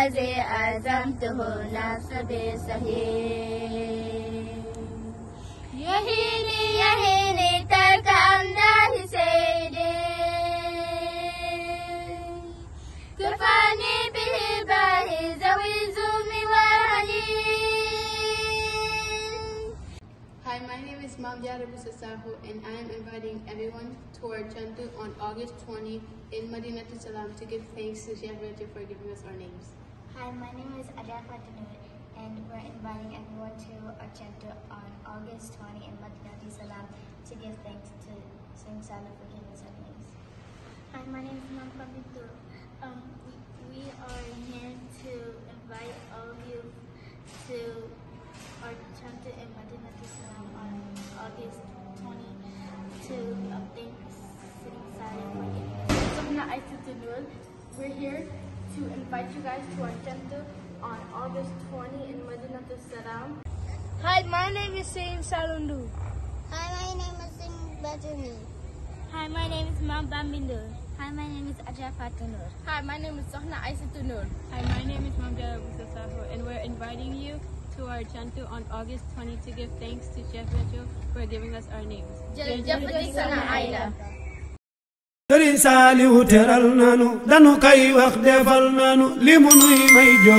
الذي عزمته يهيني يهيني ترك سيدي كفاني به Hi, my name is Mamdiya Rabu and I am inviting everyone to our chantu on August 20 in Madinat Salam to give thanks to Sheikh for giving us our names. Hi, my name is Adair Fatanur, and we're inviting everyone to our chapter on August 20 in Madinati Salam to give thanks to Saint for of us and Ease. Hi, my name is Nam Pabitur. Um, we are here to invite all of you to our chapter in Madinati Salam on August 20 to thank Saint Son of Forgiveness. We're here to invite you guys to our center on August 20 in Madinatul Salam. Hi, my name is Sayin Salundu. Hi, my name is Sain Bajani. Hi, my name is Mam Hi, my name is Ajay Hi, my name is Sohna Aisatunur. Hi, my name is Mamdala Busasaho, and we're inviting you to our Chantu on August 20 to give thanks to Chef Mitchell for giving us our names. Jeff, Jal Jal Jal sëriñ saaliwu teral nanu danu kay wax defal nanu li mu nuy may jox